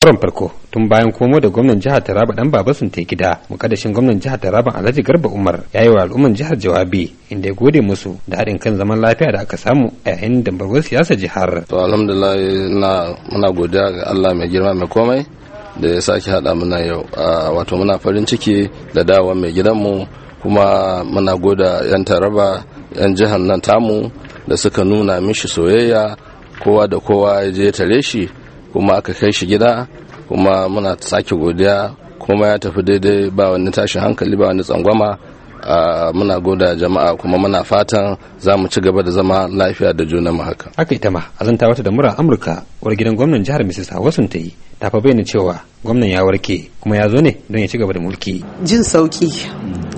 karon farko tun bayan komo da gwamnan jihar Taraba dan Babasun ta gida mukaddashin gwamnan jihar Taraba Alhaji Garba Umar ya yi wa al'umman jihar jawabi inda ya gode musu da haɗin kan zaman lafiya da aka samu a yayin dambarwar siyasa jihar. To alhamdulillah na muna godiya ga Allah mai girma mai komai da ya sake haɗa muna yau wato muna farin ciki da dawa mai gidanmu kuma muna goda 'yan Taraba 'yan jihar nan tamu da suka nuna mishi soyayya kowa da kowa ya je tare shi kuma aka kai shi gida kuma muna sake godiya kuma ya tafi daidai ba wani tashin hankali ba wani tsangwama muna goda jama'a kuma muna fatan za mu ci gaba da zama lafiya da juna mu haka. Aka ita ma a zanta wata da mura Amurka war gidan gwamnan jihar Mrs. Hawasun ta yi ta fa bayyana cewa gwamnan ya warke kuma ya zo ne don ya ci gaba da mulki. Jin sauki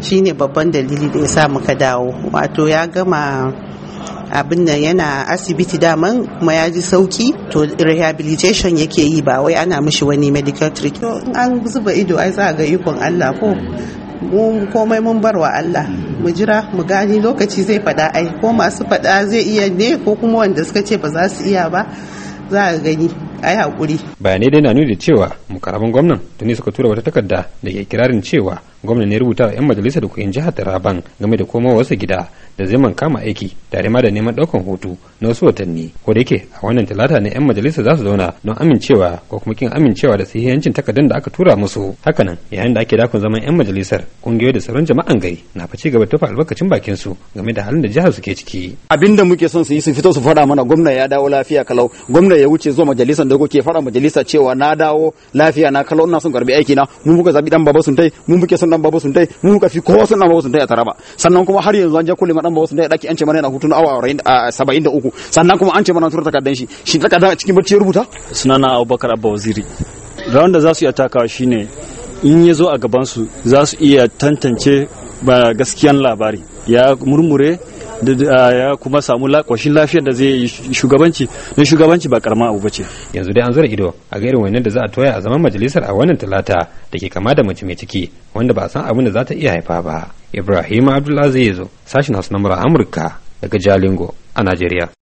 shine babban dalili da ya sa muka dawo wato ya gama abin nan yana asibiti daman kuma ya ji sauki to rehabilitation yake yi ba wai ana mishi wani medical treatment an zuba ido ai za ga ikon Allah ko komai mun barwa Allah mu jira mu gani lokaci zai fada ai ko masu fada zai iya ne ko kuma wanda suka ce ba za su iya ba za a gani ai hakuri bayanai dai na nuni da cewa mukarabin gwamnan tuni suka tura wata takarda da ke kirarin cewa gwamna ne rubuta wa 'yan majalisar kuɗin jihar taraban game da koma wasu gida da zaman kama aiki tare ma da neman ɗaukan hutu na wasu watanni ko da yake a wannan talata ne 'yan majalisa za su zauna don amincewa ko kuma kin amincewa da sahihancin takardun da aka tura musu hakanan yayin da ake dakon zaman 'yan majalisar kungiyoyi da sauran jama'an gari na fa gaba tafa albarkacin bakin su game da halin da jihar suke ciki abinda muke son su yi su fito su fada mana gwamna ya dawo lafiya kalau gwamna ya wuce zuwa majalisar da kuke fara majalisa cewa na dawo lafiya na kalau ina son karbi aiki na mun muka zabi dan baba sun tai mun muke son dan babu sun dai mun ka fi kowa sun dan babu sun dai a taraba sannan kuma har yanzu an je kulle dan babu sun dai daki an ce mana yana hutun awa 73 sannan kuma an ce mana tura takardan shi shi takardan a cikin barci rubuta sunana Abubakar Abba Waziri rawan da za su iya takawa shine in ya zo a gabansu za su iya tantance ba gaskiyan labari ya murmure ya kuma samu lakwashin lafiyar da zai yi shugabanci don shugabanci ba karama abu bace yanzu dai an zura ido a ga irin wannan da za a toya a zaman majalisar a wannan talata da ke kama da mace mai ciki wanda ba san abin da za ta iya haifa ba ibrahim abdullahi zai zo sashin hausa na amurka daga jalingo a najeriya